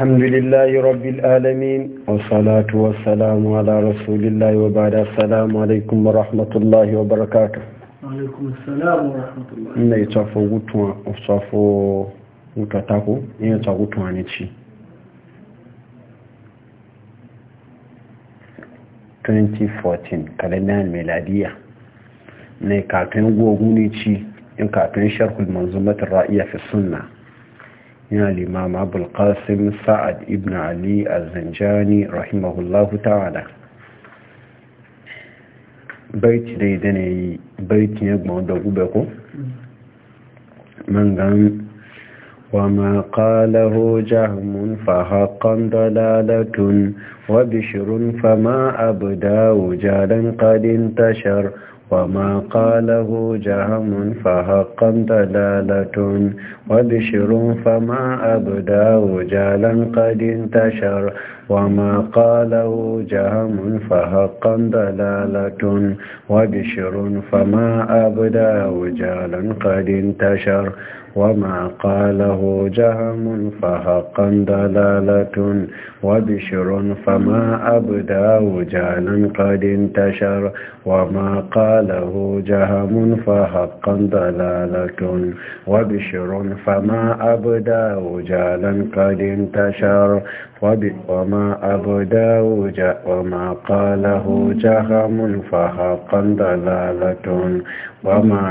الحمد لله رب العالمين والصلاة والسلام على رسول الله وبعد السلام عليكم ورحمة الله وبركاته عليكم السلام ورحمة الله إن يتعفو غطوة وصفو غطتاكو إن يتعفو غطوة نتشي 2014 kalendar miladiya ne katon gogu ne ci in katon sharhul manzumatin ra'iya fi sunna ya limam abul qasim sa'ad ibn ali az-zanjani rahimahullahu ta'ala bayti dai dane yi bayti ne gbon da gube ko man wa ma qalahu mun fa haqqan dalalatun wa bishrun fa ma abda wajadan qad intashara وما قاله جهم فحقا دلالة وبشر فما أبداه جالا قد انتشر وما قاله جهم فحقا دلالة وبشر فما أبداه جالا قد انتشر وما قاله جهم فحقا دلالة وبشر فما أبدا وجالا قد انتشر وما قاله جهم فحقا دلالة وبشر فما أبدا وجالا قد انتشر وما أبداه وما قاله جهم فحقا دلالة وما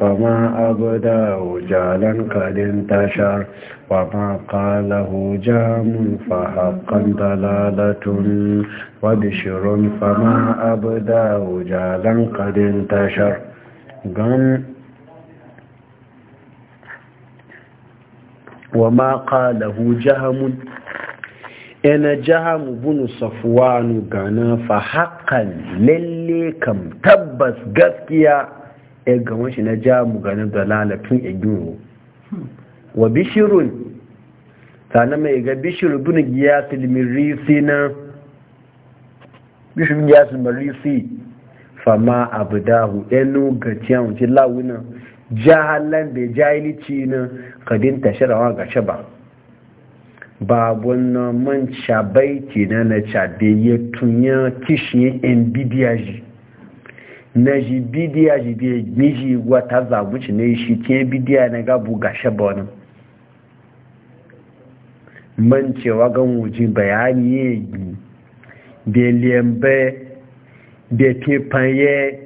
فما أبدا وجالا شعرا قد انتشر وما قاله جام فحقا ضلالة وبشر فما أبداه جالا قد انتشر قم وما قاله جهم ina jahamu bunu safuwanu gana fa haƙan lalle kam tabbas gaskiya ya gama shi na jahamu gana da lalatun wa bishirun sana mai ga bishir bin giyasil mirisi na bishirun giyasil mirisi fama abu dahu ɗanu ga wuce lawunan jahallan da jahilici na kadin tashirawa ga shaba babon na man shabaiti na na cabe ya tunya kishiyin yan bidiyaji na ji bidiya ji biya miji wata zabuci ne shi ke bidiya na gabu ga shabonin man cewa gan wuji bayani ya yi da liyambe da kefanye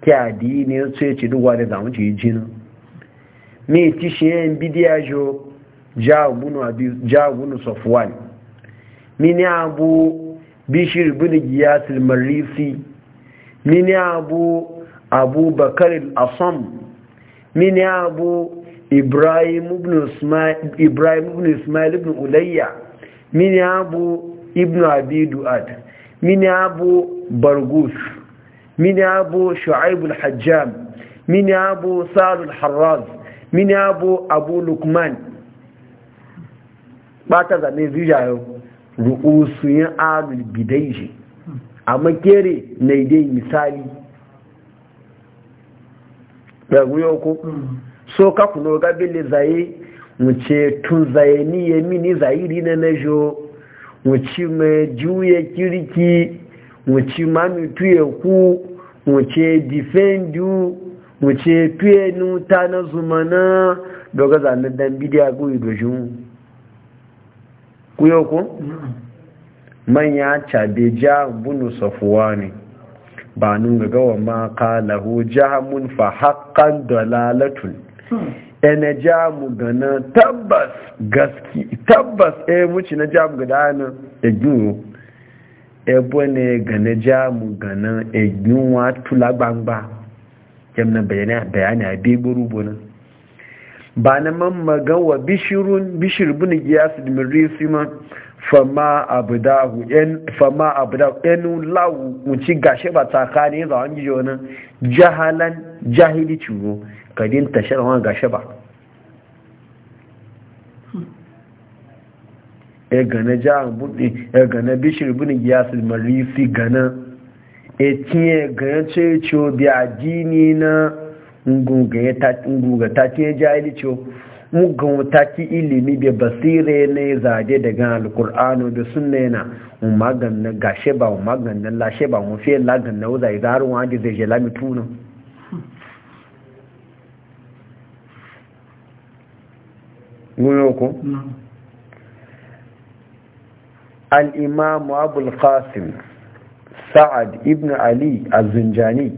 kyadi ne su ya ci duwa da zamuci yi jini ne ti shi yin bidiya jo jagunu ni mini abu bishir bin giyasul marisi mini abu abubakar al-asam mini abu ibrahim ibn ismail ibn ulayya mini abu ibn abi mini abu bargus mini abu shu'aib al-hajjam mini abu sa'ad al-harraz mini abu abu lukman bata zane zuwa yau ru'usu yin alul amma makere na dai misali da guyo ko so ka kuno ga bile zaye wuce tun zaye ni ya mini zahiri na na jo wuce mai juye kirki wuce mami tuye ku wuce defendu wuce tuye nuta na zumana doga zanen dan bidiya guyi dojin ku yau ko? manya cabe ja bunu safuwa ne ba nun ga gawa ma kalahu jamun fa haƙƙan dalalatun hmm. ene jamu gana tabbas gaski tabbas e muci na jamu gada na egiwo ebo ne gane jamu gana wa tula gbangba na bayani a beburu nan ba na man gawa bishirun bishir bin giyas da mirisi ma fama abdahu en fama abdahu en lawu muci gashe ba tsakani za an gijo jahalan jahili ciwo kadin tashar wa gashe ba hmm. e gana jahan budi e gana bishir ya su marisi gana e tiye gana ce ciwo bi adini na ngunga ta ta tiye jahili ciwo mugun taki ilimi bai basire ne zade daga alkur'ano da sunna yana umagan na gashe ba umagan na lashe ba mu fiye lagan na wuzai idarun wani zai je lami tunan guyo ko al'imamu abul qasim sa'ad ibn ali a zinjani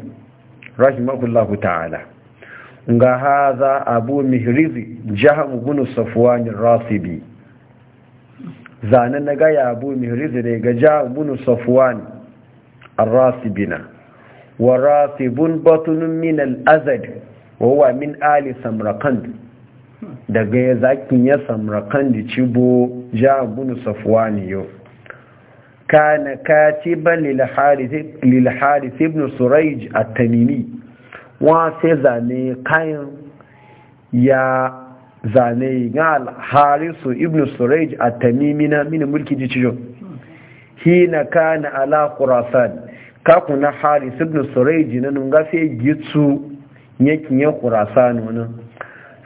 rahimahullahu ta'ala ga haza abu mihrizi jihar gunu safuwanin rasibi zanen na gaya abu mihrizi ne ga jihar gunu safuwan rasibina wa rasibun batunun min al'azad wa min ali samrakand daga ya zakin ya samrakand cibo jihar gunu safuwani yau kana katiban lil harith ibn suraij at-tamimi wọ́n fẹ́ zane kayan ya zane ga al-harisu ibn suraj at-tamimina min mulki jichijo hina kana ala khurasan ka kuna haris ibn suraj nan ga sai gitsu yakin ya khurasan nan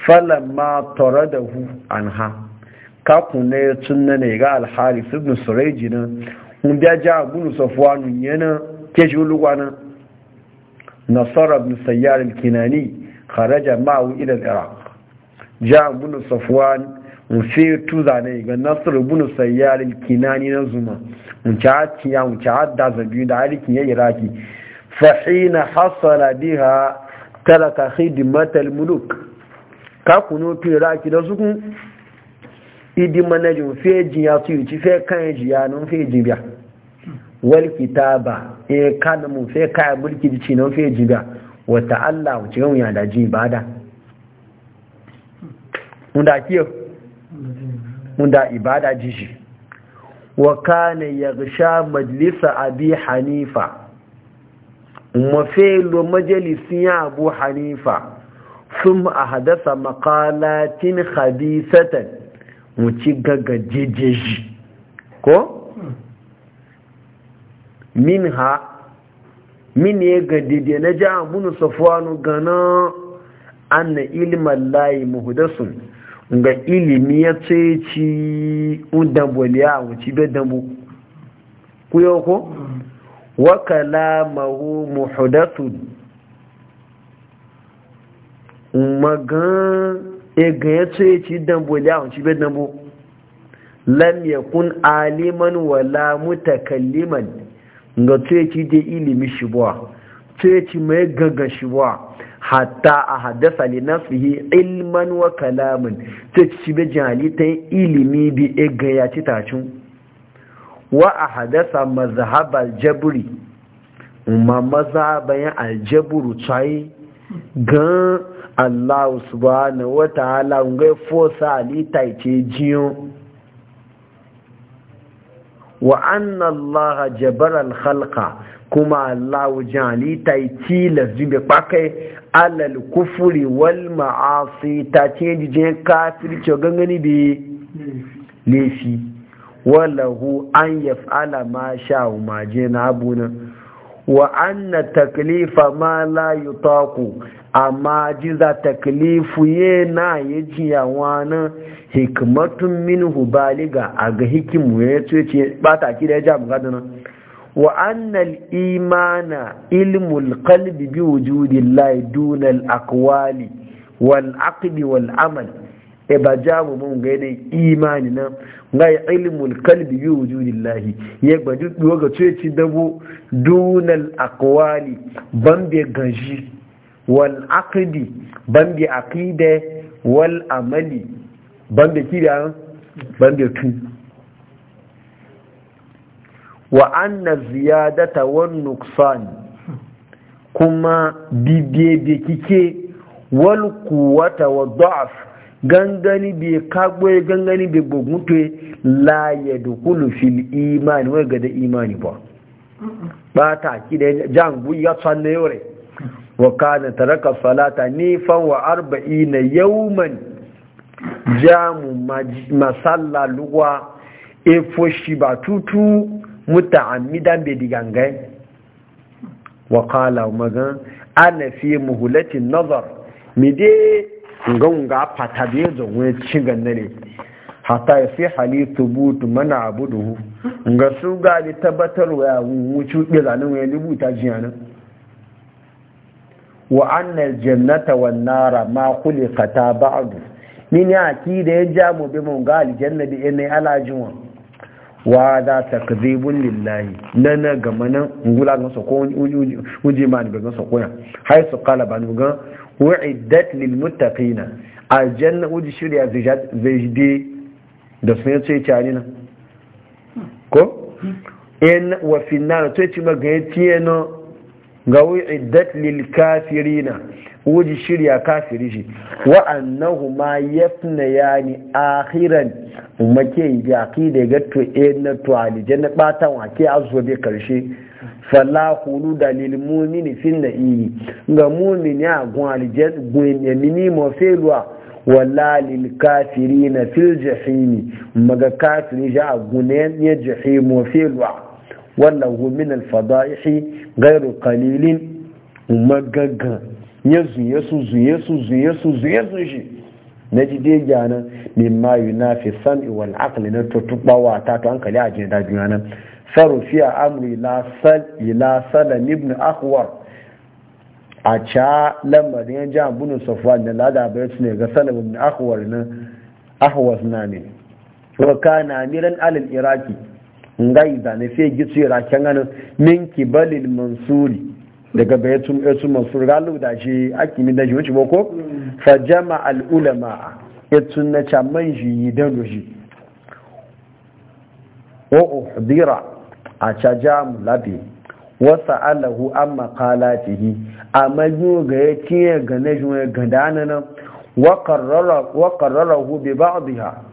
falamma taradahu anha ka kuna tunna ne ga al ibn suraj nan mun da ja gunu safwanu yana ke shi nasara ibn sayyar kinani kharaja ma'u ila al-iraq ja ibn safwan fi tuzane ga kinani na zuma mun ta ciya mun ta da zabi da alikin ya iraki fa hina hasala biha taraka khidmat al-muluk ka kuno tu iraki da suku idi manajin fe jiya su yi ci fe kan jiya nan fe jiya wal kitaba e kana mun fe kaya mulki ji cinan fe jiga wata Allah wuce yau ya da ji ibada munda kiyo munda ibada ji shi wa kana yaghsha majlis abi hanifa mafelo lo ya abu hanifa sun ahadasa hadasa makalatin hadisatan ci gaga jejeji ko min ha min ya e ga dide na ja munu safuwanu gana an na ilimin layi muhudasun ga ilimi ya ce ci udambo liya a wuci bai dambu ku yau ko mm. wa kalamahu muhudasun magan egan ya ce ci dambo liya a wuci bai dambu lam yakun aliman wala mutakalliman ga tuyeci dai ilimi shibuwa tuyeci mai gaga buwa hatta a haddasa li nafsihi ilman wa kalamin tuyeci bai yi ilimi bi ega ya ci tacin wa a haddasa mazhabar jaburi ma mazhabayan aljaburu tsaye gan allahu subhanahu wa ta'ala ngai fosa alita ce jiyon wa anna allaha jabaral khalqa kuma allahu jali ta yi tilas jibe alal kufuri wal ma'asi ta ce jijiyar kafirce gangani bi lefi walahu an yaf'ala ma sha ma je na abuna wa anna taklifa ma la yutaqu amma jiza taklifu ye na ya jiya na hikmatun minhu baliga a ga hikimu ya ce ce ba ta kira ya ja bukata wa annal imana ilmul kalbi bi wujudin duna al aqwali wal wal amal e ba jamu mun ga dai imani na ga ilmul kalbi bi ya gbadu ga ce ci dabo dunal akwali ban be gaji. wal aqdi bambi aqida wal amali bambi kida bambi tu wa anna ziyadata wan nuksan kuma bibiye da kike wal quwwata wa da'af gangani bi kagbe gangani bi gbogunte la yadkhulu fil iman wa gada imani ba ba ta kide jan ya tsanne yore wa kana taraka salata nifan wa arba'ina yawman jamu masalla luwa efo shi ba tutu muta'ammidan bai digangai wa kala magan ana fi muhulatin nazar mi dai ngunga fata bai zonwe cigan ne hata ya fi halittu butu mana abudu ga su gali tabbatarwa ya wucu ɗiranin ya rubuta jiyanin wa annal jannata wan nara ma khuliqata ba'd min ya ki da ya ja mu bi mun ga aljanna bi ala alajin wa da takdhibun lillahi nana ga manan ngula ga so ko uji ma ni ga so ko hay su qala ban ga uiddat lil muttaqina aljanna uji shirya zai da sun ce tare na ko in hmm. wa finnar to ci magayetiye no ga iddat lil kafirina wuji shirya kafiri shi wa annahu ma yafna yani akhiran make ga aqida ga to e na to alijanna batan wa ke azo be karshe fala hulu da lil mu'mini fin na'i ga mu'mini a gun alijanna gun ne mini mo felwa wala lil kafirina fil jahimi maga kafiri ja ya ne mo felwa wallahu min alfada'ihi ghairu qalilin magagan ya zuye su zuye su zuye su zuye su shi na ji dai gyana na fi sam'i wal akali na wa ta to hankali a jin dadi nan faru amri a sal ila salam ibn akhwar a ca lamarin yan jihar bunin safwan da lada bai su ne ga salam ibn akhwar na akwar na ne wa ka na miran alal iraki ngai da ne fe gitsu ra kyanganin min kibalil mansuri daga bayatun yasun mansuri galu da shi akimi da shi wuce boko fa jama al ulama yatsun na chaman shi yidan o o uhdira a chajam labi wa sa'alahu amma qalatihi amma yo ga yake ga ne jo ga dananan wa qarrara wa hu bi ba'dihha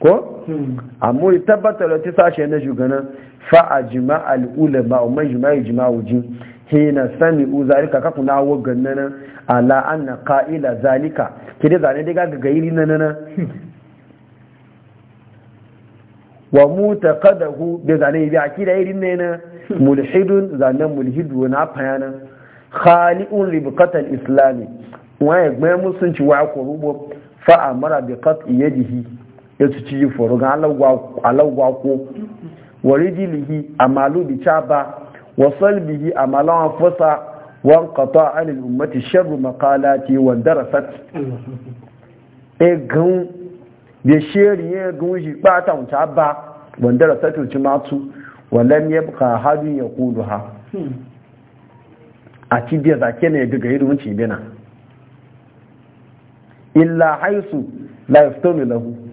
ko hmm. amma tabbata da ta sashe na shugana fa a jima al'ulama umar jima'i jima'uji hina sami uzarika kaku na awo ganna ala an na ka'ila zalika ke dai zane dai gaga gairi na nana wa muta kadahu bai zane bi a kira irin ne na hmm. mulhidun zanen mulhidu na fayana khali'un ribqatal islami wa ya musunci wa ko rubo fa amara bi qat'i yadihi ya su ci foro ga alagwa ko wa rijilihi a malu bi caba wa salbihi a malawa fusa wan a anil ummati sharru ti wa darasat e gan da shirin e ya gan shi ta wuta ba wa darasat wuce matu buka lam ya kudu ha a cibiyar zake ne daga irin wuce bina illa haisu laifton yaftonu lahu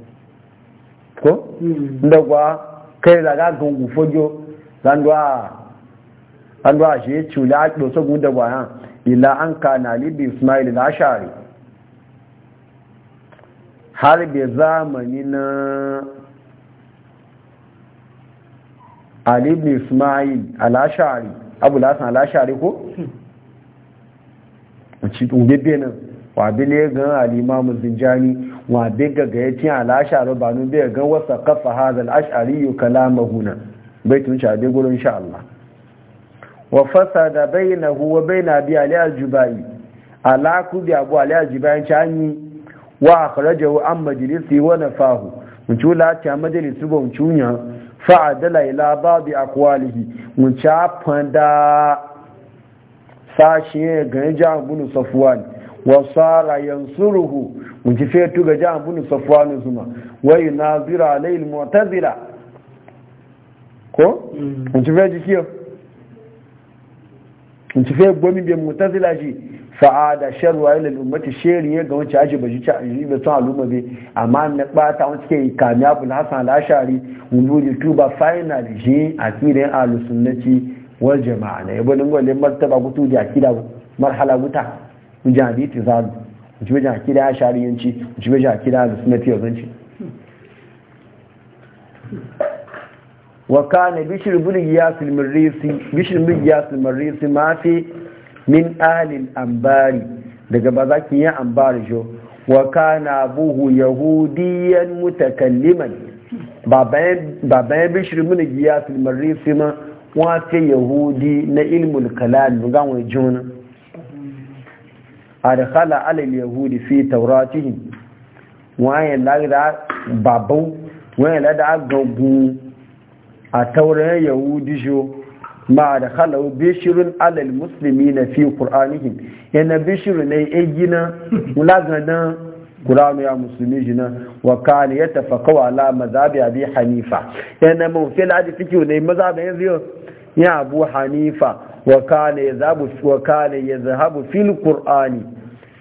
ko mm-hmm. da kwa kai daga gungu fojo zandwa zandwa shi ya cula a ɗosa gun da ila an kana libi ismail na shari har bai zamani na alibin ismail alashari abu lasan alashari ko? Hmm. ci ɗunge benin wa abin ya gan alimamu zinjani wa biga ga ya cin al'asharu ba nun biya gan wasa kafa haza al'ashari yi kalama huna bai tun sha bi gurin sha Allah wa fasa da bai na huwa bai na biya aliyar juba'i alaku biya bu aliyar juba'i ci an yi wa a kharajahu an majalisi wa na fahu mun ci wula ta majalisi ba mun cunya fa'adala ila ba bi akwalihi mun ci afanda sashe ganin jihar bunu safuwa ne وصار ينصره mun ci fetu ga jihar bunu safwanu zuma wai nazira alayil mu'tazila ko mm. mun ci fetu kiyo mun ci fetu gomi bai shi ga wancan aji baji ci aji ba sun al'umma bai amma na bata wani suke kami abu na hasan al'ashari wuluri tuba finally shi a kiran alusunnati wal jama'a na yabo dangwale martaba gutu da akida marhala guta Mu wujen haditi zalu wuce wajen akida ya shariyanci wuce wajen akida da suna fiye zanci wa kana bishir bin yasil marisi bishir bin yasil marisi ma fi min alil ambari daga bazakin ya ambari jo wa na buhu yahudiyan mutakalliman baban bishir bin yasil ma wa fi yahudi na ilmul kalam ga wani juna adkhala ala al-yahudi fi tawratihim waye lagda babu waye lada gagu a tauran yahudi jo ma da halau bishirun alal musulmi na fi ƙur'anihim yana bishiru ne yi gina mulagadan ƙur'anu ya musulmi jina wa kane ya tafakawa ala mazabi abi hanifa yana mafi ladi fikiyo na yi mazabi yanzu yau ya abu hanifa wa kane ya zahabu fil ƙur'ani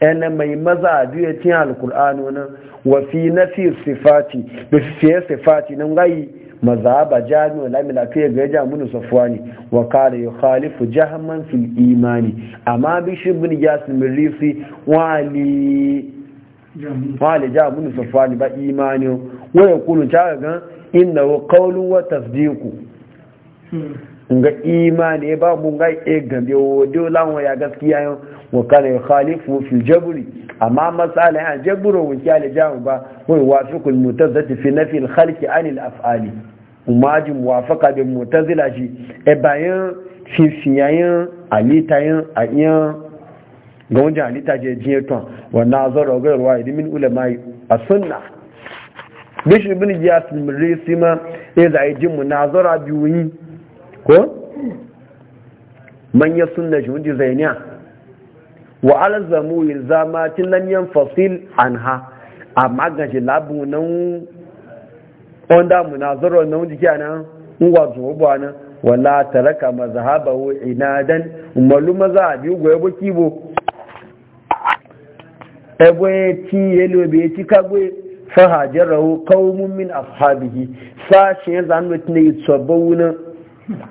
ɗana mai maza a biyu cin alkur'anu na wafi na fi sifati da fiye sifati nan gayi maza ba jami wa lamila to ya gaja munu safuwa ne wa kare ya khalifu jahamman fil imani amma shi bin ya min risi wali wali ja munu safuwa ne ba imani wani kunu ta ga inna wa kaulu wa tasdiku hmm. ga imani ba mun ga e gambe wo dole lawon ya gaskiya yau wa kana yukhalifu fi jabri amma masala ya jabru wa kana jamu ba wa yuwafiqu al mutazzati fi nafi al khalqi an al af'ali umaji muwafaqa bil mutazila shi e bayan fifiyayin alitayin ayan ga wajen alita je jiye ton wa nazar ga ruwa min ulama as-sunnah bishir bin jiyas mirisi ma ya e zai jin munazara biyu yi ko manyan sunna shi wajen zainiya wa alzamu ilzama tin lam yanfasil anha amma ga shi labu nan onda munazara nan jiki anan ngwa zuwa nan wala taraka mazhabahu inadan malu mazhabi goye bokibo ebe ti yelo be ti kagwe fahajarahu qaumun min ashabihi sashe zanu tne tsobawuna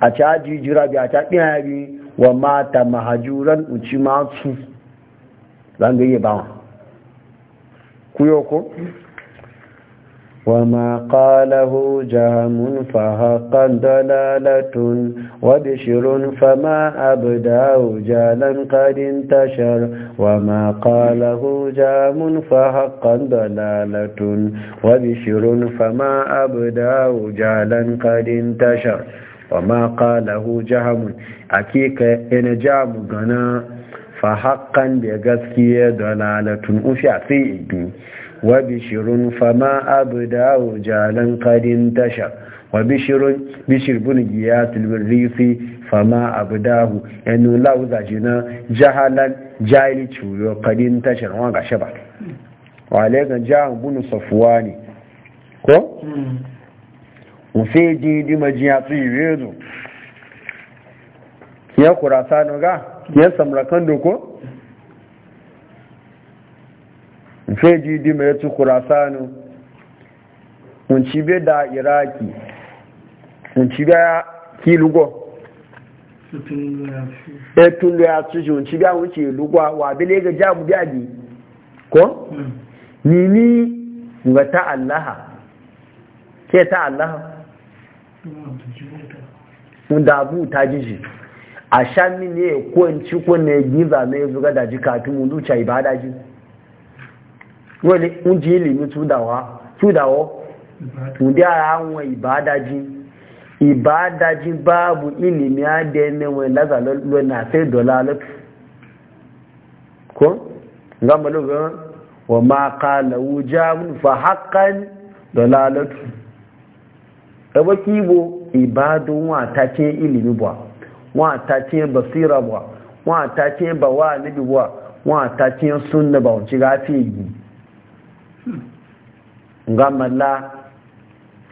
a caji jira bi a ta biya bi wa mata mahajuran uci matsu zan bi min bawa ku yau ku. Wa ma ƙala huja mun fa hakan da lallatun wa bi shi runfa ma abu da hujyalan kadin tashar wa ma ƙala huja mun fa hakan da wa bi shi runfa ma abu da hujyalan kadin tashar wa ma ƙala huja mun ake ka ina ja gana. fa haƙƙan da gaskiya da lalatun ufi a sai ibi wa bishirun fama abu da jalan kadin tasha wa bishirun bishir bin giya fa fama abu hau yanu lauza shi na jahalan jahili cuyo kadin tashar wa ga shaba wa alaikan jihar bunu safuwa ne ko? mufe hmm. jini dimaji ya tsaye rezo ya kurasa nuga? yan samrakan doko feji di mai kurasa kurasanu uncibe da iraki uncibe ki kilugo etun lo ya tuji uncibe a wuce lugo wa bile ga jamu biyaji ko nini ga ta allaha ke ta allaha da abu ta jiji a shami ne ko in ci ko ne giza ne zuga da kafin mu zuciya ibada ji wani un ilimi tudawa tudawo da ara awon ibada ji ibada ji babu ilimi ade ne wani laza lo na sai dola ko nga malo wa ma qala fa haqqan dalalatu ebo kibo ibadun wa take ilimi ba wa ta ce basira ba wa ta ce ba wa ba wa ta ce sunna ba wuce gafi yi gamala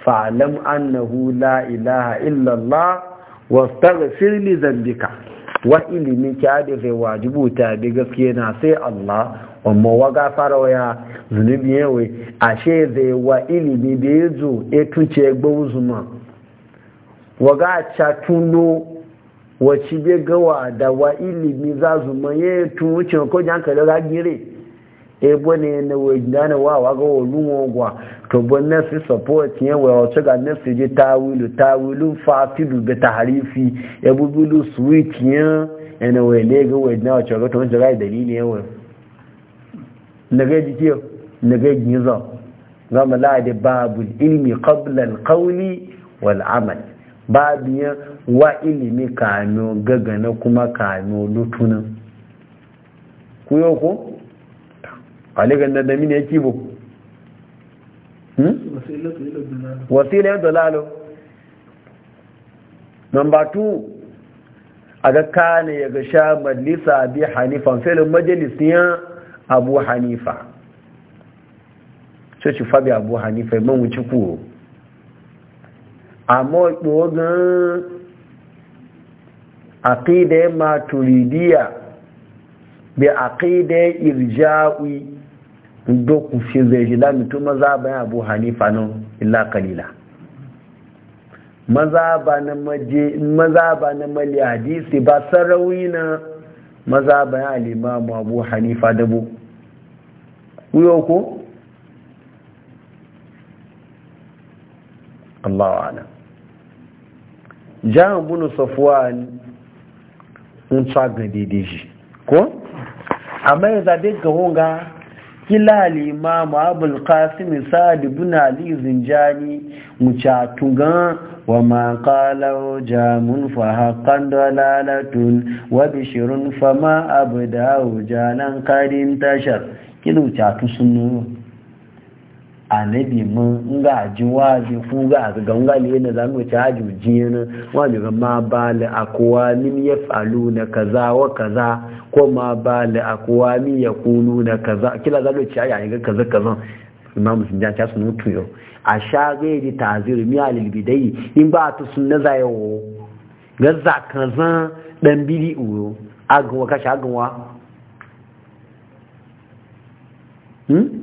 fa'alam annahu la ilaha illallah wa astaghfir li dhanbika wa ilimi kya da zai wajibu ta bi gaskiya na sai Allah amma wa gafara waya zunubi yawe ashe zai wa ilimi da yazo e tuce uzuma wa ga cha tuno wacce bai gawa da wa ilimi za su maye tun cewa ko jan kare ragire e bone na wajidana wa wa ga wolu gwa to bone si support yen wa o tsuga ne si je tawilu tawilu fatilu be tahrifi e bubulu switch yen ena we le ga we na o tsuga to tsuga da dalili yen wa na ga jike na ga ginzo gama la da babul ilmi qabla al qawli wal amal babiyan wa ilimi kano gagana kuma kano lutunan ku yau ko? aligan da dami ne hmm? ya kibo wasila yadda lalo nomba 2 a ga kane ya ga sha majalisa bi hanifan filin ya abu hanifa so ci fabi abu hanifa man wuce kuro amma ɗogon aqidar maturidiya bi aqida irja'i do ku fi zai da mutum maza ya abu hanifa nan illa kalila maza ba na mali hadisi ba sarawina mazaba ya bayan abu hanifa dabo uyo ko? Allah wa'ala. Jahan bunu Safwan hun tsagan daidai shi ko amma ya zaɓe ga hunga kila limamu abul qasim sa'ad ibn ali zinjani mucatugan wa ma qala jamun fa haqqan dalalatun wa bishrun ma abda jalan qadim tashar kilu chatu sunnu annabi mun ga ji waji ku ga ga ga ne na zamu ci haji jiyana waji ga ma bal aqwamin yaf'aluna kaza wa kaza ko ma bal aqwamin yaquluna kaza kila za ci ayi ga kaza kaza imam sun ja ta sunu tuyo a sha ga yi tazir mi alil bidai in ba ta sunna zayo ga za kaza dan bili uyo agwa ka sha agwa hmm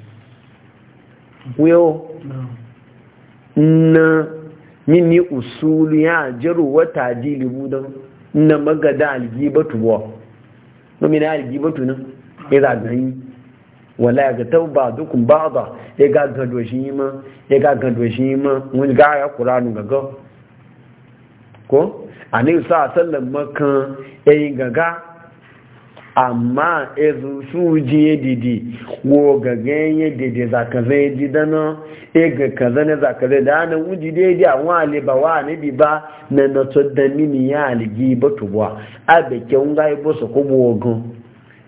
wiyo na mini usulu ya jiru wata jilibu don na magada algibatu wa nomina algibatu nan ya zagayi wala ga tauba dukun ba ya ga gado shi ma ya ga gado shi ma wani ga ya kuranu gaga ko a ne sa sallan makan yayin gaga amma ezu suji jiye didi wo ga ganye didi zaka zai ji e ga kaza na zaka zai da na wuji dai a wa le ba wa ne bi ba na na to da mini ya aligi ba to ba a be ke un ga ibo e so ko bo ogun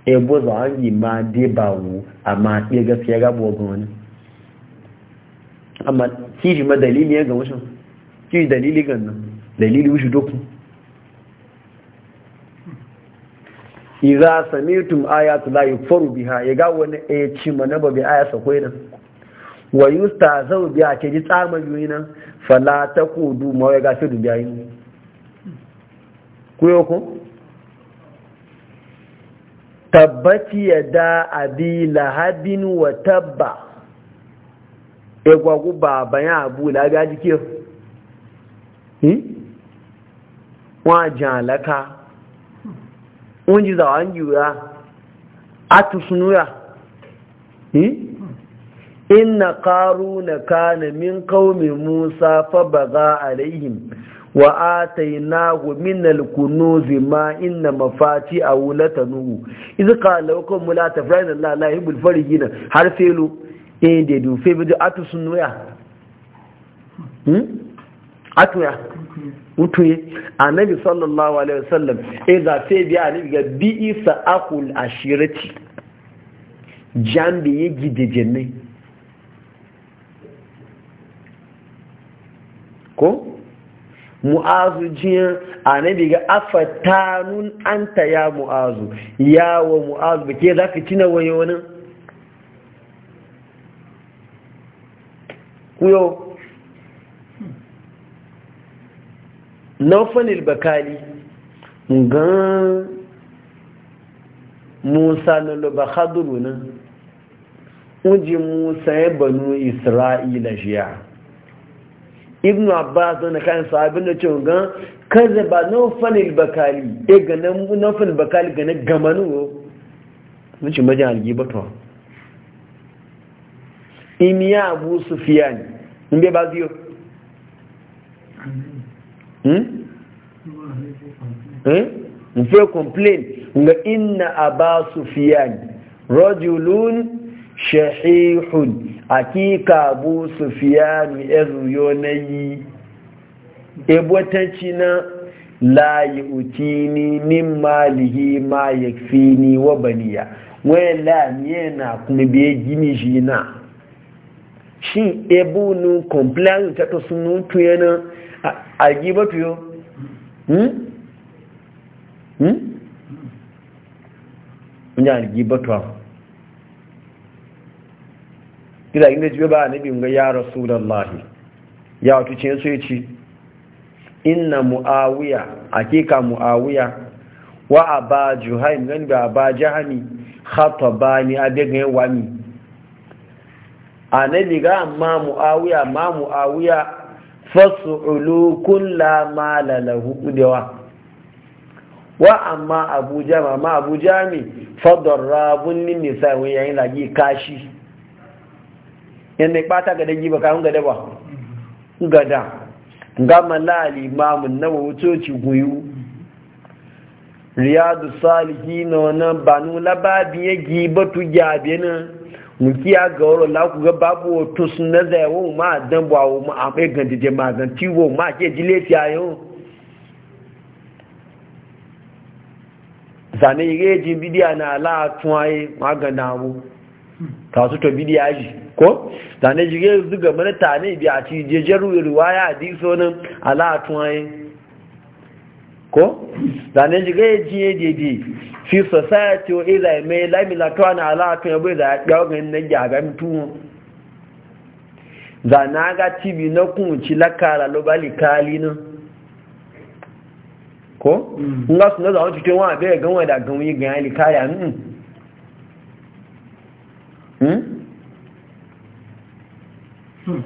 e bo za an yi ma de ba wu amma e gaskiya ga bo ogun ne amma ki ji ma dalili ga wasu ki dalili ga nan dalili wushi dokun iza samitum ayatu la yukfaru biha ga wani ya ci mana ba bi aya sa ina. nan wa yustazau biha ke ji tsama yuyi nan fala takudu ma yaga fi du biya kuyo ko tabbati yada abi lahabin wa tabba e gwagu baban abu la ga jike hmm wa jalaka onde a anjura atusunuya inna na kana min qaumi musa fa baga alaihim wa atainahu min al-kunuz ma inna mafati aw la tanu iz qala lakum la tafrana la la yubul farihina har felu eh de du fe bi atusunuya hmm atuya a annabi sallallahu alaihi wasallam eh za fe biya ni ga bi'i isa akul ashirati jambi ye gideje ne ko mu'azu jiyan annabi ga afatanun anta ya mu'azu ya wa mu'azu ba ke za ka tina wani ku yau naufanil bakali gan musa na loba haduru nan uji musa ya banu isra'ila shiya ibn abbas na kan sahabin da cewa gan kaza ba naufanil bakali e ga naufanil bakali ga na gamanu wuce majin algibatuwa imiya abu sufiya ne in bai ba ziyo nfe hmm? eh? complain nga inna aba sufiyan rajulun shahihun akika abu sufiyan ezuyo na ebotanci na layi utini min malihi ma yakfini wa baniya wayan la na kuma biye gini shi na shin ebunu complain ta to sun yana a ba tuyo hmm hmm nya ba tuwa kida inda jibe ba a nabi ga ya rasulullahi ya wato cin su yace inna muawiya hakika muawiya wa a ba juhai nan da aba jahani ni? adega wani nabi ga ma muawiya ma muawiya fasu'ulu kulla ma lalahu kudewa wa amma Abuja ma ma Abuja jami fadarrabun lin nisa wa yayin lagi kashi yanda ya ga dangi ba kawun gada ba gada ga malali mamun na wucoci guyu riyadu salihi na wannan banu lababi yagi batu tu jabe nan mukiya ga wuro la ku ga babu wato sun na zai wo ma dan ba wo ma abai ganti je ma ganti wo ma ke jile ti ayo zane yige ji bidiya na ala tuwaye ma ga dawo ta su to bidiya ji ko zane yige zuga mana tane bi a ci je jaru riwaya hadiso nan ala tuwaye ko zanen ji ya jiye dede fi society o iza mai lamina kawai na alaƙa ya bai za a ɗaurin na gyaran tuwo zana ga tv na kunci lakara lobali kali nan ko? nga suna zaun cikin wani bai ganwa da ganwai kari a nun hmm? hmm.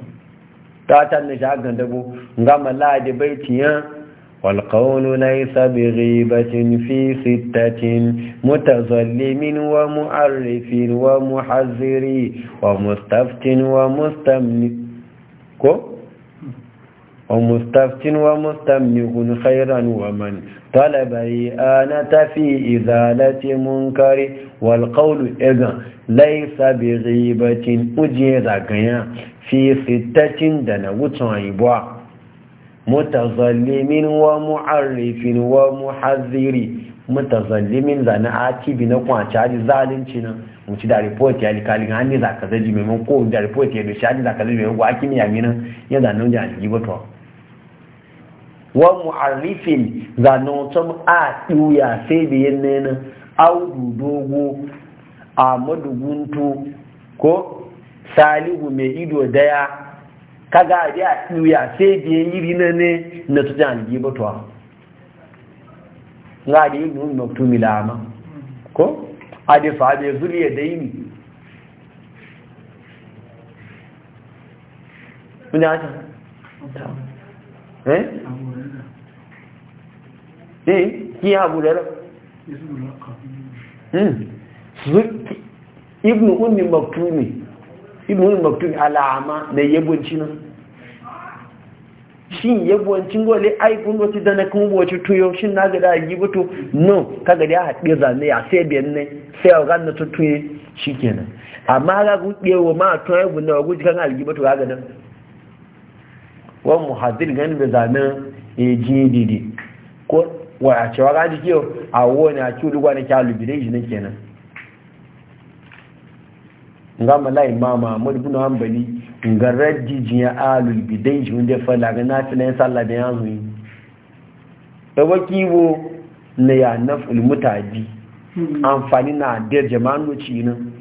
ta ta na shagan dabo nga mala da bai tiyan والقول ليس بغيبة في ستة متظلم ومعرف ومحذر ومستفت ومستملك ومستفت ومستملك خيرا ومن طلب إئانة في إزالة منكر والقول إذا ليس بغيبة أجيز في ستة دنا وتعيبوا mutazallimin wa mu'arrifin wa زنا mutazallimin da akibi na kwanci hali zalunci nan mutu da report ya likalin hannu za ka zaji maimakon ko da report ya dushi hannu za ka zaji maimakon hakim ya minan ya zanen da aliki bato wa mu'arrifin zanen wata a ɗuya sai da yin nena audu dogo a Guntu, ko salihu mai ido daya kaga a biya tuya sai biyan yiri na ne na tuta algi batuwa ga da yin nun maktumi lama ko e a da faɗe zuriya da yini mun ya ta eh eh ki ya abu da hmm. ibnu ummi maktumi ibn maktum alama na yabonci nan shin yabonci gole ai kun wata dana kuma wace tuyo shin na ga da yi buto no kaga da haɗe zane ya sai biyan ne sai a ganna ta tuye kenan amma ga gude wa ma to ya gunna guji kan algi buto ga nan wa muhaddil gan da zane e jididi ko wa a cewa ga jike a wona ki dugwa na da yi shi kenan nga ma mama Ahmad ibn Hanbali nga raddi jiya alul bidai jun da la ga nati na sallah da yanzu yi da e wakibo na ya naful mutaji hmm. amfani na da jama'an wuci nan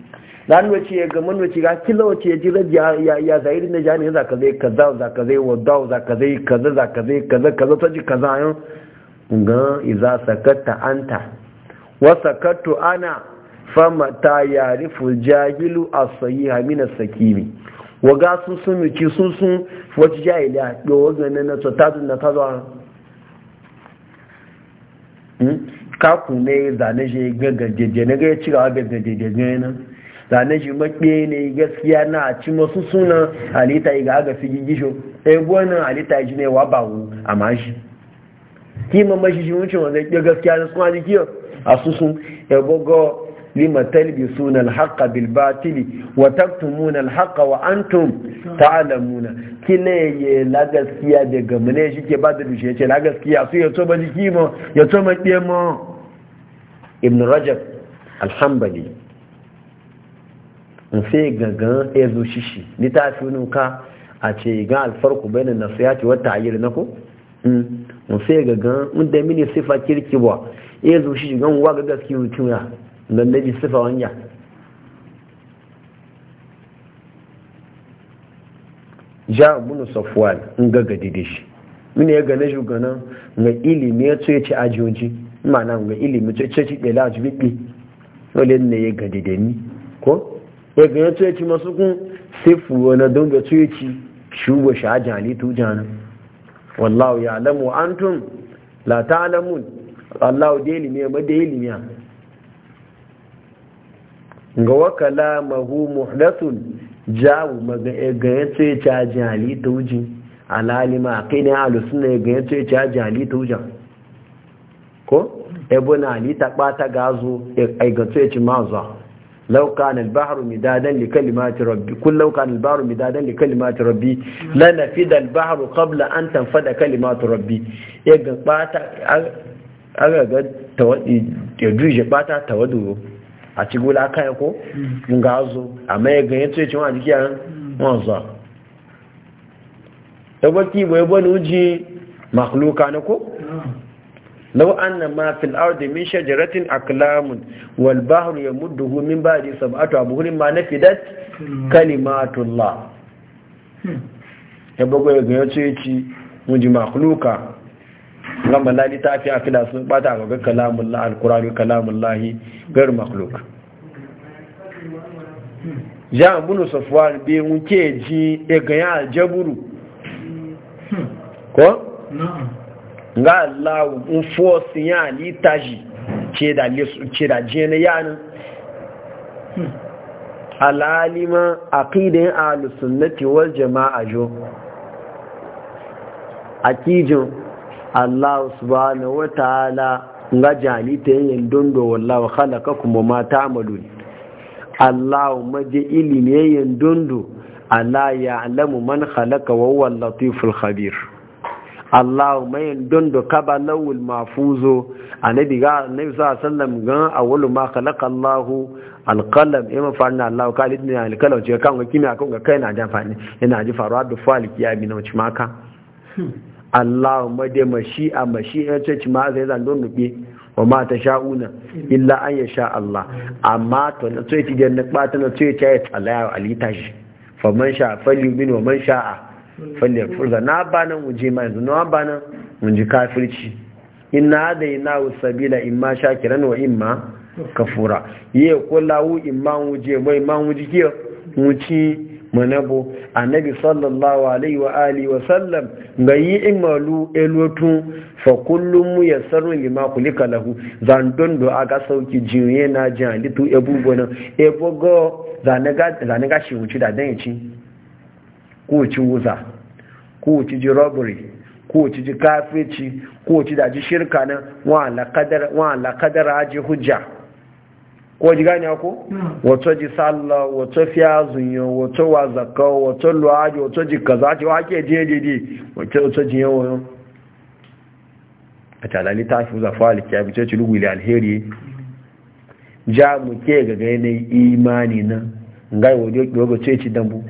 dan ya ga man wuci ga kila ya ji raddi ya ya zairi na jani za ka zai kaza za ka zai wadda za ka zai kaza za ka zai kaza kaza ta ji kaza yan ga iza sakatta anta wa sakattu ana fama ta yari fuljagilu a sayi hamina sakimi waga sun sun miki sun sun wata jahili a ɗowa ganin na tsotatun ta kazo hmm? kaku ne zane shi gangan na ga ya ci gaba gangan jeje ganin zane shi maɓe ne gaskiya na a ci masu sunan halitta yi ga aga fi gigisho ɗaya e, gwanin halitta yi ne wa ba wu a mashi kima mashi shi wucin wanda ya gaskiya na suna jikiyar a susun ya e, gogo lima talbisuna alhaqqa bil batili wa taktumuna alhaqqa wa antum ta'lamuna kine ye la gaskiya da gamne shi ke ba da dushe ce la gaskiya su ya toba jiki mo ya toba diye mo ibn rajab alhambali in sai gangan ya zo shishi ni ta fi ka a ce ga alfarku bai na nasiya ce wata ayyar na ko hmm. in sai gangan inda mini sifa kirki ba ya zo shishi gan wa ga gaskiya mutum ya don da ji sifa wanya ja bunu safwan in ga gadi da shi mini ya gane shi ganin ga ilimi ya tsoye ce ajiyoji na ga ilimi tsoye ce ce ɗela a jibiɓi wale ne ya gadi da ni ko ya gane tsoye ce masu kun sifu wani don ga tsoye ce shugo shi jani tu jana wallahu ya alamu antum la ta alamun allahu da ilimi ya ma da ilimi ga wakala mahu muhdathun jawo maga e ga yace ta jali tauji alalima akini ahlus sunna e ga yace ta halitta tauja ko ebona ali ta bata gazo ai ga yace maza law kana al-bahru midadan li kalimati rabbi kun law kana al-bahru midadan li kalimati rabbi la nafida al-bahru qabla an tanfada kalimatu rabbi ya e ga bata aga ga tawadi ya duje bata tawadu a ci gula kai ko nga zo amma ya ganye tsoye cin wajiki a wọn zuwa da baki bai bani makhluka na ko لو أن ما في الأرض من شجرة أقلام والبحر يمده من بعد سبعة أبهر ما نفدت كلمات الله يبقى يقول يتويتي مجي مخلوقا gama na littafi a fila sun bata ga kalamun la alkurari kalamun lahi gar makhluk ya abunu safwar be wuke ji e ga aljaburu ko ga Allah un force ya litaji ke da ce da jene yana alalima aqidan ahlus sunnati wal jamaa jo akijin Allah subhanahu wa ta'ala nga jali ta yin dondo wallahu khalaka kuma ma ta'malun Allah je ilimi yin dondo ala alamu man khalaka wa huwa latiful khabir Allah mai dondo kaba lawul mafuzo annabi ga annabi sallallahu alaihi wasallam ga awwalu ma khalaqa Allah alƙalam ya mafarin Allah ka litin ya alƙalam kan ga kimiyya kan ga kai na jafani Ina ji faruwa da falik ya bi na wacce maka hmm. Allahumma da mashi'a mashi'a ce ci ma zai zan don nufi wa ma ta sha'una illa an ya sha Allah amma to na tsoye ci da na kwata na tsoye ta ya tsalaya wa alita fa man sha fali bin wa man sha'a falli furza na ba nan wuje ma yanzu na ba nan mun ji kafirci inna da ina sabila imma shakiran wa ma? kafura ye kullahu imma wuje mai ma wuje Mu wuci manabo nabi sallallahu alaihi wa alihi wa sallam ga yi imalu elotu fa kullum mu yassaru lima kulika lahu zan do aga sauki jinye na jin alitu ebugo na go zanaga zanaga shi wuci da dan yaci ko ci wuza ko ci ji robbery ko ci ji kafirci ko ci da ji shirka na wa la qadar wa la qadar aji hujja ko ji gane ko wato ji sallah wato fiya zunyo wato wa zakka wato luwaji wato ji kaza ce wa ke jeje di wato wato ji yawon? yo a talali ta fi za fali ya bi ce lugu wili alheri ja mu ke ga ga ne imani na ngai wodi dogo ce ci dambu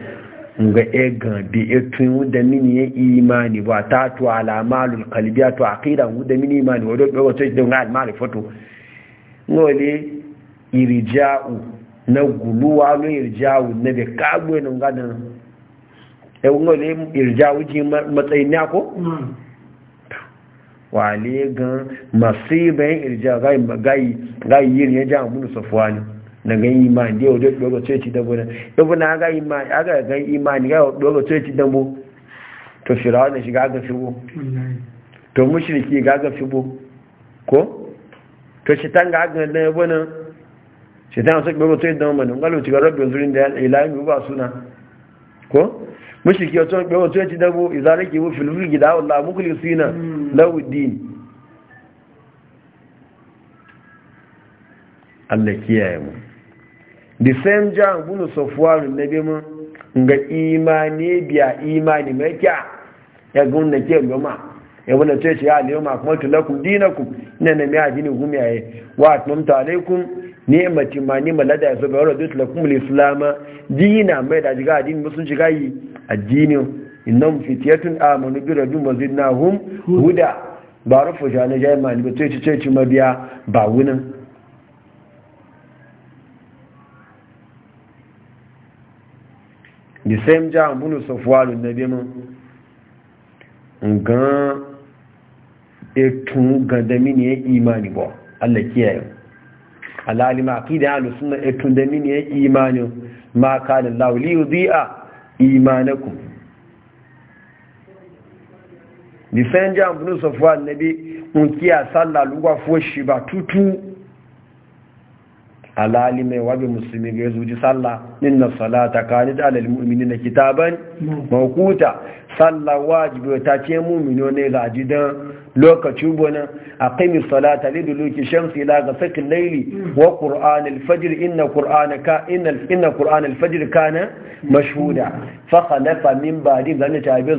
nga e gan bi e tun da mini ya imani ba ta tu alamalul qalbiya tu aqida da mini imani wodi dogo ce ci dambu ngai almari foto ngole irja'u na guluwa lo irja'u na be kagwe nun gadan e won le irja'u ji matsayin ya ko hmm. wale gan masibin irja gayi gayi yin ya ja mun safwani na gan iman da yau da dogo ceci dabo na yau e na ga imani aga gan imani ga dogo ceci dabo to firawa da shiga ga fibo to mushriki ga ga fibo ko to shitan ga ga na yabo na shaitan sai gbogbo to yadda mamanin galo ci ga rabbi zurin da ilahi yi, ba suna ko mushriki wato gbogbo to yace dabo izaraki mu fil fulki da Allah mukhlisina lahu din Allah kiyaye mu the same jan bunu safwaru nabi mu ga imani biya imani mai kya ya gunna ke goma ya wala ce ya aliyo ma kuma tulakum dinakum inna ma yadinu gumiyaye wa atmamtu alaikum ne ma ni malada yaso da radu lakum al dina mai da jiga addini musun jiga yi addini innam fitiyatun amanu bi rabbi mazidnahum huda ba rufu jana jai ma ba ce ce ce mabiya ba wunin the same jam bunu sofwalu nabi mun ngan etun gandami ne imani ba Allah kiyaye alalima aqida ahlus sunna etun eh, da mini ya imani ma kana Allah li yudhi'a imanakum difenja ibn safwan nabi unkia salla lugwa foshi ba tutu alalime wabi musulmi ga yazuji salla inna salata kanit alal na kitaban makuta salla wajibi ta ce mu'mino ne ga jidan lokacin a aqimi salata li duluki shamsi ila ghasaqi al wa qur'an al-fajr inna qur'anaka inna kana mashhuda fa khalafa min ba'di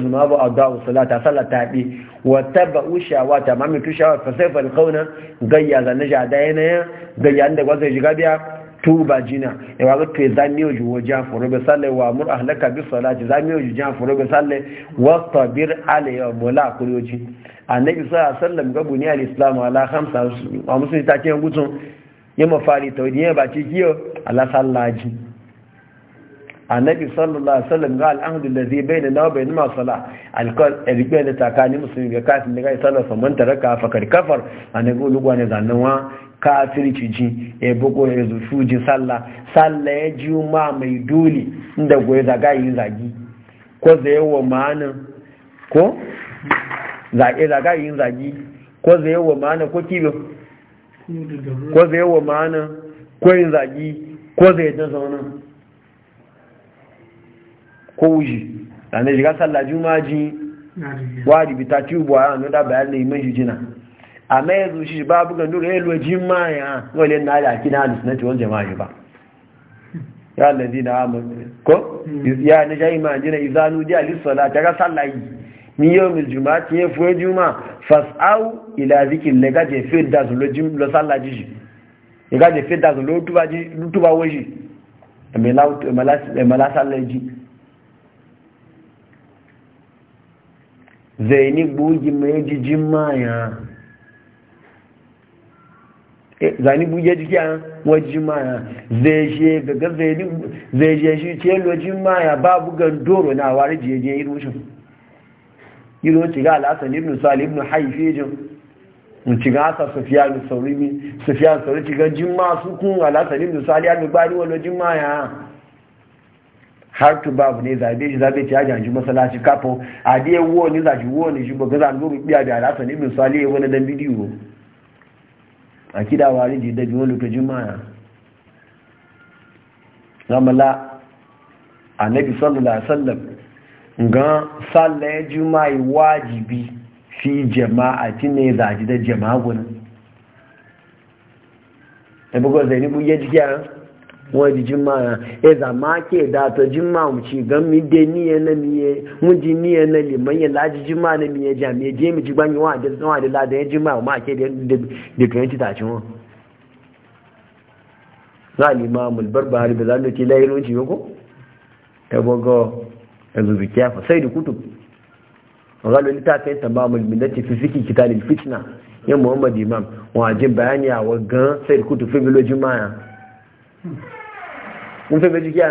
zuma ba adaw salata salata bi wa tabu shawata mamin tu shawa fa sayfa al-qawna gayya zani jada yana gayya inda gwazai biya tuba jina e wa oju foro be sale wa mur ahlaka bi salati zami oju ja foro be sale wa tabir mola annabi sallallahu alaihi al islam ala khamsa wa musulmi ta ce gutun yema fari tawdi yema ba ala sallaji annabi sallallahu alaihi wasallam ga da zai bayyana na bayyana ma sala alkal ribe da takani musulmi ga kafin da ga sallar faman taraka fa kar kafar annabi lugwa ne zannawa kafirci ciji e bugo ya zufu ji salla salla ya ji ma mai dole inda goye zaga yi zagi ko zai wa ma'anin ko zage zaga yi zagi ko zai wa ma'anin ko kibin ko zai wa ma'anin ko yin zagi ko zai ta zaunan ko wuji ranar shiga sallah jumaji wari bita tubu a ranar da yi fas'au zaini bugi mai jijin maya eh, zani buge jiki a wajen maya zai je shi ce lojin maya babu gandoro na wari jeje irushin ci ga al'asar ibn sali ibn ci ga asa sufiyan sauri mi sufiyan sauri ga jin su kun al'asar ibn sali alubari wani jin maya har ba babu ne zabe shi zabe ta yaji ji masalaci kafo a dai wo ni za shi wo ni shi buga zan nuru biya da alasa ne bin sali wani dan bidiyo a kida wari ji da biwon lokacin juma'a ramala annabi sallallahu alaihi wasallam ga sallah juma'a wajibi fi tin ne za ji da jama'a gona da bugo zai ni bu yaji ya wọ́n jimaya jimá ya ẹ̀zà máa kí ẹ̀dá àtọ̀ jimá ọ̀hún ṣì gan mi mu ní ẹ̀nà mi yẹ wọ́n di ní ẹ̀nà lè mọ́ yẹn láti jimá ẹ̀nà mi yẹ jà mí ẹ̀dí ẹ̀mí ti gbá yín wọ́n àdé wọ́n àdé ládé ẹ̀ jimá ọ̀hún máa kí ẹ̀dẹ́ dèkùn ẹ̀ntì tààtì wọn. láàlì máa mọ̀ lùbẹ́rù bá rí bẹ̀rẹ̀ lánàá ti lẹ́yìn lóúnjẹ yòókù ẹ̀bọ̀gọ́ ẹ̀zùbìkí àfọ̀ sẹ́yìn kútù ọ̀gá mu tààtẹ́ tàbámọ̀ lùmìnẹ́tì fífíkì kìtàlì fìtìnà yẹn muhammad imam wọn àjẹ bayani àwọn gan sẹ́yìn kútù fẹ́mi lójú máa mun fẹ́ bẹ́jú kíyà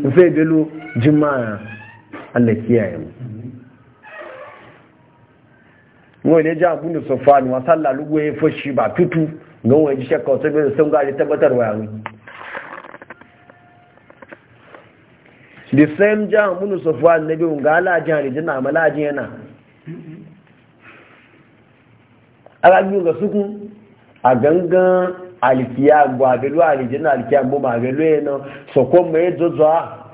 mun fẹ́ bẹ́lú jimáà allah kiyaye mu wọ́n ilé jẹ́ àbúndù sọ̀fà ni wọ́n sálà lúgbó ẹ fọ́ṣì bà tútù lọ́wọ́ ẹjíṣẹ́ kan tó bẹ́rẹ̀ sọ́gbà rí tẹ́gbẹ́tẹ̀rẹ̀ wà rí the same jẹ́ òǹgá aláàjẹ́ àrìjẹ́ náà mọ́láàjẹ́ yẹn alágbé òǹgà alikiya gba abelu alijina alikiya gbo ma abelu eno soko ma ha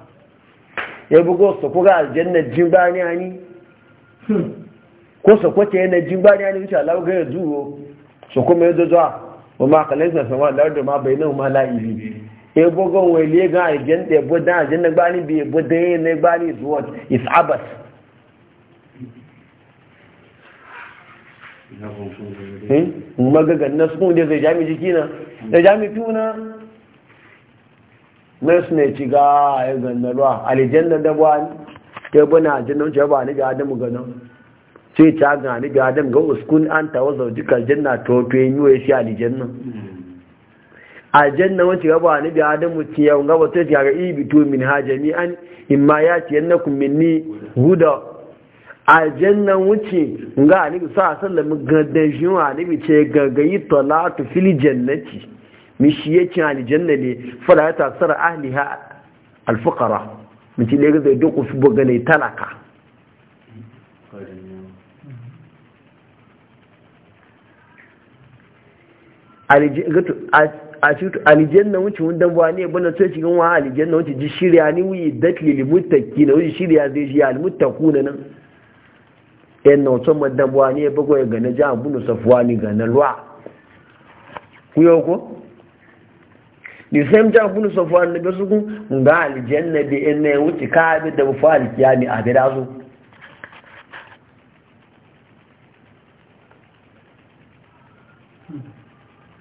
a go soko ga aljanna jimba ni ani hmm. ko soko ce na jimbani ni ani insha Allah ga yazuwo soko ma ezozo ha wa ma na sama da da ma bainahu ma la ibi ebugo wele ga aljanna ebo da aljanna gba bi ebo da ne gba ni zuwa is abas magagan na sukun da zai eh? jami jiki na da jami tuna mai ne ci ga ya ganna ruwa alijanna da ba ta yi buna ajin ce cewa ba ni ga adamu gano ce ta gani ga adam ga uskun an ta wazau jikar janna to to yi yiwuwa shi alijanna aljanna hmm. wacce gaba ni da adamu ci yawon gaba ta ce ga ibi to min ha an imma ma ya ce yannakun minni guda. aljannan wuce ga anibi sa sallam gadan shi wa anibi ce gagayi talatu fil jannati mi shi yake aljanna ne fara ya tasar ahliha alfuqara mutum ne ga zai duk ufi bugale talaka aljanna wuce wundan ba ne bana sai cikin wa aljanna wuce ji shirya ni wuyi datli limuttaki na wuce shirya zai shi almuttaku na nan yan na wato madabuwa ne bugo ya gane ji abu na safuwa ni gane ruwa ku yau ko ni sam ji abu na safuwa na gasu ku ga na bi yan na wuce ka bi da bufa alkiyami a bi su?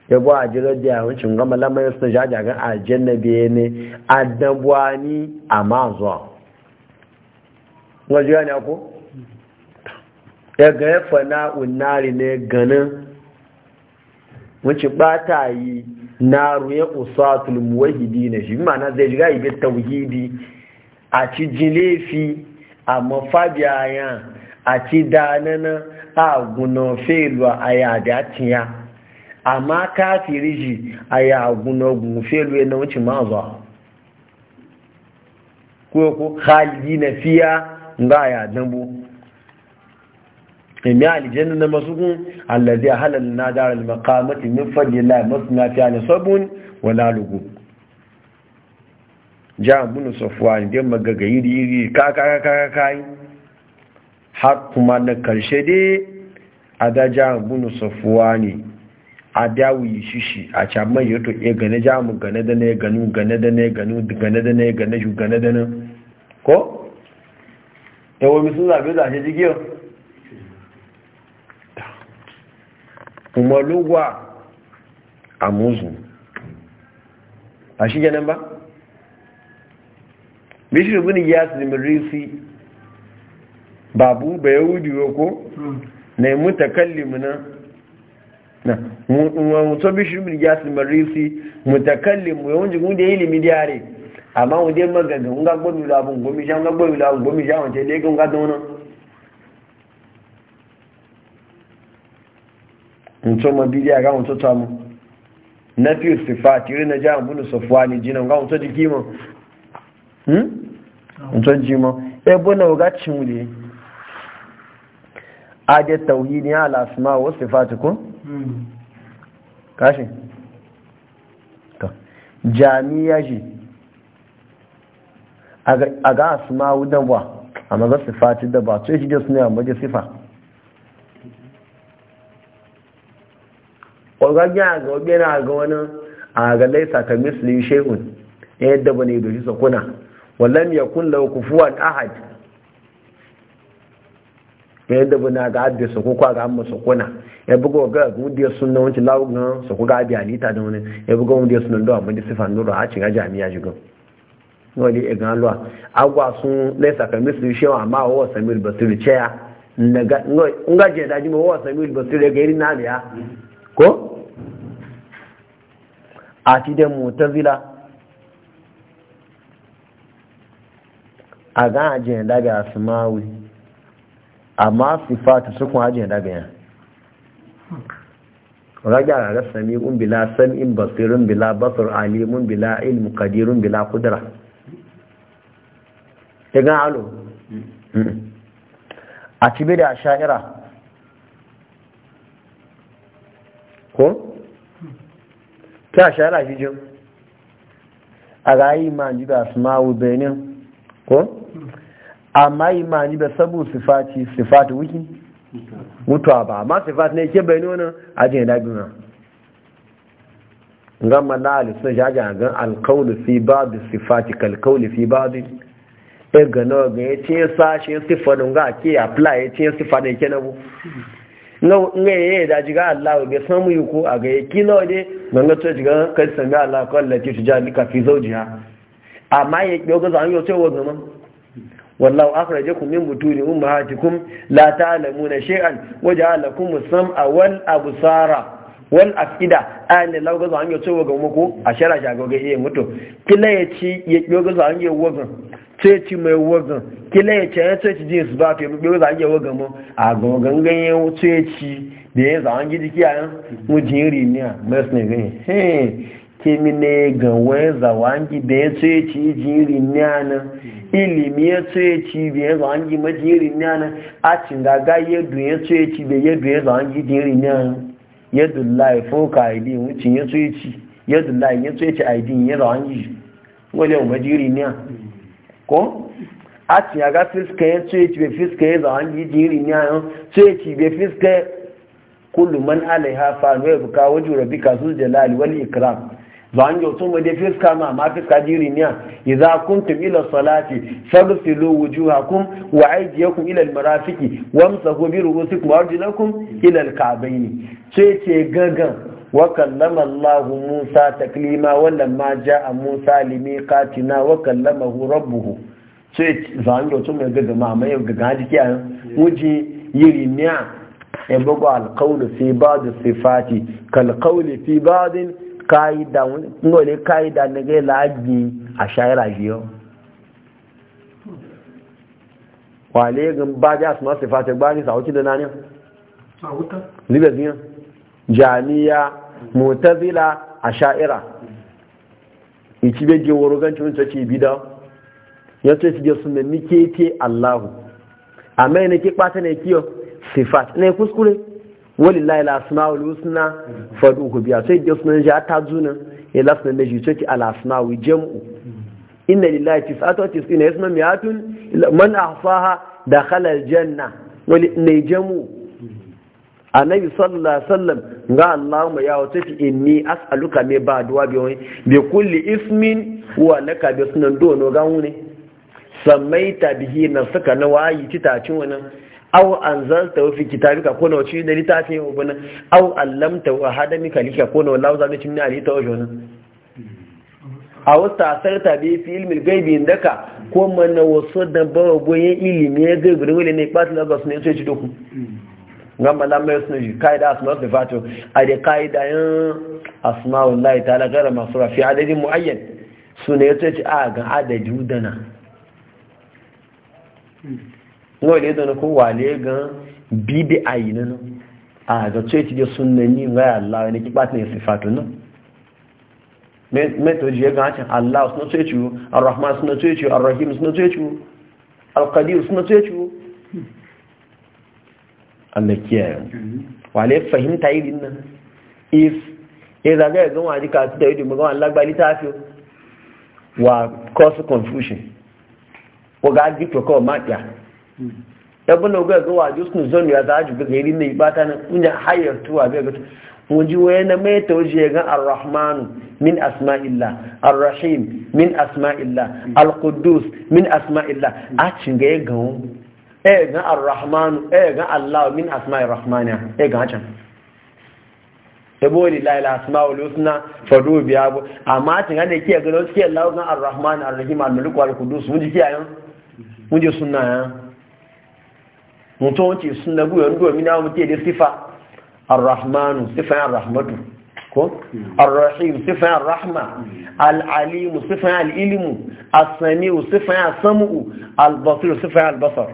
ya bu a jirar da yawancin gama lamarin su jaja ga na biye ne a dabuwa ni a ma zuwa wajen yana ko ya ga ya fana unari ne ganin wacce ba ta yi na ruya usatul muwahidi ne shi mana zai shiga ibe tauhidi a ci jilefi a mafabiyayen a ci danana a guna felu a yada tiya amma kafiri shi a ya guna gun felu na wacce ma zuwa ko khalidi na fiya ga ya mai aljanna na masu allazi halal na darar makamati min fadlillah masna fi an sabun wala lugu ja bunu safwan dan magaga yiri yiri ka ka ka har kuma na karshe dai a da ja bunu ne a adawi shishi a caman yato ya gane jamu gane da na ya ganu gane da na ya ganu gane da ya gane shi gane da na ko? yawon misun zaɓe zaɓe jigiyar kuma lugwa a muzu a shi ganin ba? bishir bin ya zimirisi babu ba yahudi ko na yi mutakallimu na na mutu bishir bin ya zimirisi mutakallimu yawon jikin da ilimi diyare amma wajen magagan ga gomi labun gomi shan ga gomi labun gomi shan wace lekin gadon nan mutum ma dia ga mutum ta mu na fi sifa ri na jihar bunu safuwa ne jina ga mutum jiki ma mutum jima ebo na wuga cimule ade tauhidi ya alasma wa sifati ko hmm. kashi to jami'a ji a ga asma dan ba a maza sifati da ba to e ya shi da suna amma da sifa ƙwararren ya ga na ga wani a ga laisa misli shehun ya yadda ba ne doshi sakuna wallan ya kun kufuwan ahad ya yadda ba na ga abin sako ga amma sakuna ya buga ga gudiyar suna wancan lawugan sako abin da wani ya buga gudiyar suna da amma sifan nuru a cin jami'a jigan wani igan agwa sun laisa ka misli shehun amma wa samir ceya wa samir ga irin akidan mutazila a gan ajiyar daga asmawi amma sifatu kun ajiyar daga yan raga ga sami'un bila sam'in basirin bila basir alimun bila ilmu kadirun bila kudura ta gan alo a cibi da sha'ira ko? ta shara shi jin a rayi mani ba su mawu benin ko amma yi mani ba sabu sifati sifati wiki mutuwa ba amma sifati ne ke benin wani ajiyar dagin na gama na alisun shaji a gan alkaulu fi babu sifati kalkaulu fi babu ɗaga nawa ga ya ce sashe sifanin ga ke apply ya ce sifanin ke na bu nga ya da jiga Allah ga samu yi ko a ga yaki nawa ne nan ga jiga kai sami Allah ko Allah ke tuja ni kafi ha amma ya yi ga zan yoce wa zama wallahu akhrajakum min butuni ummahatikum la ta'lamuna shay'an wa ja'alakum as a wal tsara. wal afida ayan da lagu gaza hanyar muku a shara shago ga iya mutu kila ya ci ya kiyo gaza hanyar wagan sai ci mai wagan kila ya ci ya ci su ba ta yi gaza hanyar wagan mu a gangan ganye sai ci da ya zawon gidi kiyayen mu jiri ne a kemi ne da ya ci ilimi ya ci da ya ma a cin gaga ya duye ci da ya duye yadda lai foka aidi wucin ya tsoye ci yadda lai ya tsoye ci aidi ya rawan yi wale wa majiri ne ko a ti ya ga fiska ya tsoye ci bai fiska ya rawan yi jiri ne yau tsoye ci bai fiska kullu man alaiha fa wa buka wajhu rabbika kasu jalali wani ikram zan yau otu da fiska ma ma fiska Za idza kuntum ila salati faghsilu wujuhakum wa aydiyakum ila almarafiqi wamsahu bi ru'usikum wa arjulakum ila alka'bayn sai ce gagan wa kallama Allah Musa taklima wannan ma ja'a Musa limiqatina wa kallamahu rabbuhu sai zan yau otu da ma ma yau gaga jikiya wuji niya ya bugu alqawlu fi ba'd sifati kalqawli fi ba'd kaida ngo le kaida nge laji ashaira jiyo wale gun ba ja suma se fa te gba ni sawo kidana ni sawuta ni be ni jamia mutazila ashaira ichi be je woro gan chun chachi bida ya te ti jesu ne ni ke ti allah amen ne ki pa ne ki o sifat ne kuskure walillahi la asma'ul husna fad'uhu biha sai da sunan shi ta zuna ya lasna da shi sai al asma'u jam'u inna lillahi tis'atu wa tis'ina isma mi'atun man ahsaha dakhala al janna wali ne jam'u annabi sallallahu alaihi wasallam ga Allahumma ya wata fi inni as'aluka me ba duwa bi wani bi kulli ismin wa laka bi sunan no ga wuni sammaita bihi nasaka na wayi titacin wannan aw anzalta fi kitabika ko na wuce da ubuna aw allamta wa hadamika lika ko na wallahu zalika min alita wa jona aw tasarta bi fi ilmi gaibi indaka ko na wasu da bawo boye ilimi ya gaibi wala ne patla ga sunan sai ci doku gamba lamma ya sunan kaida asma da fatu a da kaida yan asma wallahi ta'ala gara masura fi adadin muayyan sunan ya ce a ga adadi dana ngo le don ko wale gan bibi ayina no a ga cheti de sunna ni nga Allah ne ki patne sifatu no me me to je ga ta Allah sunna cheti ar-rahman sunna cheti ar-rahim sunna cheti al-qadir sunna cheti Allah kiyaye wale fahimta irin nan if e zaga ya gan waje kasu da yi domin gawan lagbali ta fi wa cause confusion ko ga agito kawai maƙiya ɗabin ga gawa justin zon ya za a jibi ne mai ta na kunya hayar tuwa bai gato wajen waya na mai tauje ga arrahmanu min asma'illah arrahim min asma'illah alkudus min asma'illah a cinga ya gawo ɗaya e ga arrahmanu ɗaya e ga allah min asma'ir rahmaniya ɗaya e ga can yabo lillahi al-asma'ul husna fado biya bu amma tinga ne kiyar gano cikin suke allah ga arrahman arrahim al-malik Al-kudus, mun ji kiyayen mun ji sunna ya mutum wace sun na buyon domin na mutu da sifa arrahmanu sifan arrahmatu ko arrahim sifan arrahma al'alimu sifan al'ilimu asami'u sifan asamu'u albasir sifan albasar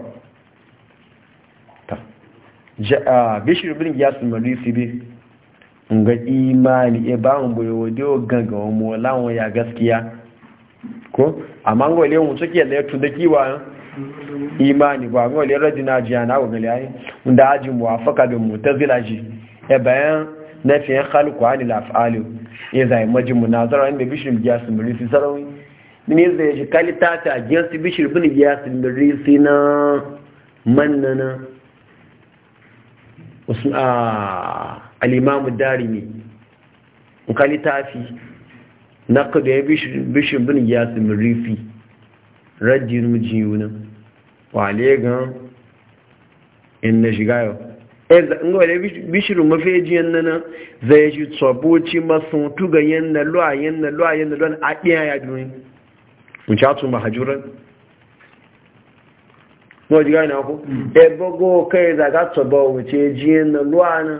bishir bin yasin malisi bi Nga imani ya e ba mu bai wadewa gangawa mu lawan ya gaskiya ko amma ga wale mu suke da ya tuda kiwa imani ba ga wale rajin ajiya na wagali ayi inda ajin muwafaka bi mutazila ji e bayan na fi khalqu ani laf'alu ya zai majin munazara inda bishir biya su sarawi sarauni ne zai ji kalita ta ajiyar su bishir bin biya su murisi na mannana imam darimi kalita fi na bishir ya bishir bin biya su murisi raddi nuji wa wale gan in na shiga yau e, ngole bishirin jiyan nan zai shi tsoboci masu tugayen na luwayen na luwayen na luwayen a ɗiya ya duni in atu atun hajjuran wọ́n jí gáyìn àkó ẹgbọ́gbọ́ kẹrẹ ìdàgá tọ̀bọ̀ òwòtí ẹjí ẹ̀nà lọ́ànà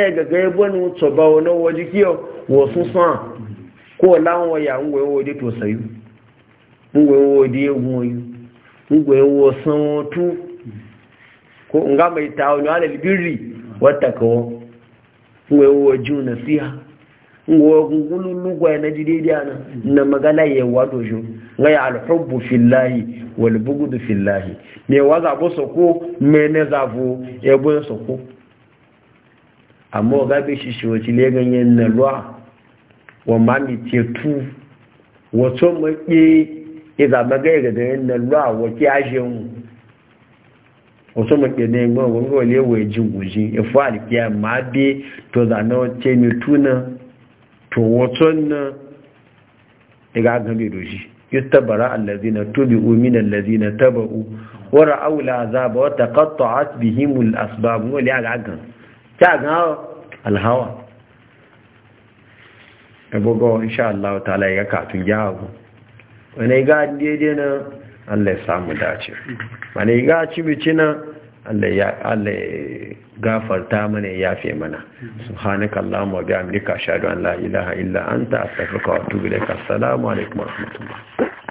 ẹgbẹ̀gbẹ̀ ẹgbọ́n tọ̀bọ̀ ọ̀nà wọ́n jí kí ọ wọ́n sún wasu kó láwọn ọ̀yà ń wẹ̀ wọ́n dé tó sẹ́yìn ngwe wo di egun oyu ngwe wo san wọn tu ko nga mai ta wani ala libiri wata kawo ngwe wo ji na siya ngwe wo gungulu lugwa na ji daidai ana na magana ya wado jo nga ya alhubbu fillahi wal bugudu fillahi ne wa za bo soko me ne za bo e bo soko amma ga bi shi shi wace le ganyen na mi wa mami ce tu wato mai iza magai ga ganin nan ruwa wake mu? wasu mace ne gban wani wale wai jin guji ifu alifiya ma bi to zana wace mai tuna to wato na iga gabe doshi yustabara allazina tubi umina allazina taba'u wa ra'aw al'azaba wa taqatta'at bihim al'asbab wale aga gan ta ga alhawa ebogo insha Allah ta'ala ya katun jawo wani ga daidai na allah ya samu dace wani ga cibici na allai gafarta mana ya fi mana subhanaka allahumma bihamdika ashhadu an la'ila illa anta astaghfiruka wa atubu ilaik assalamu alaikum wa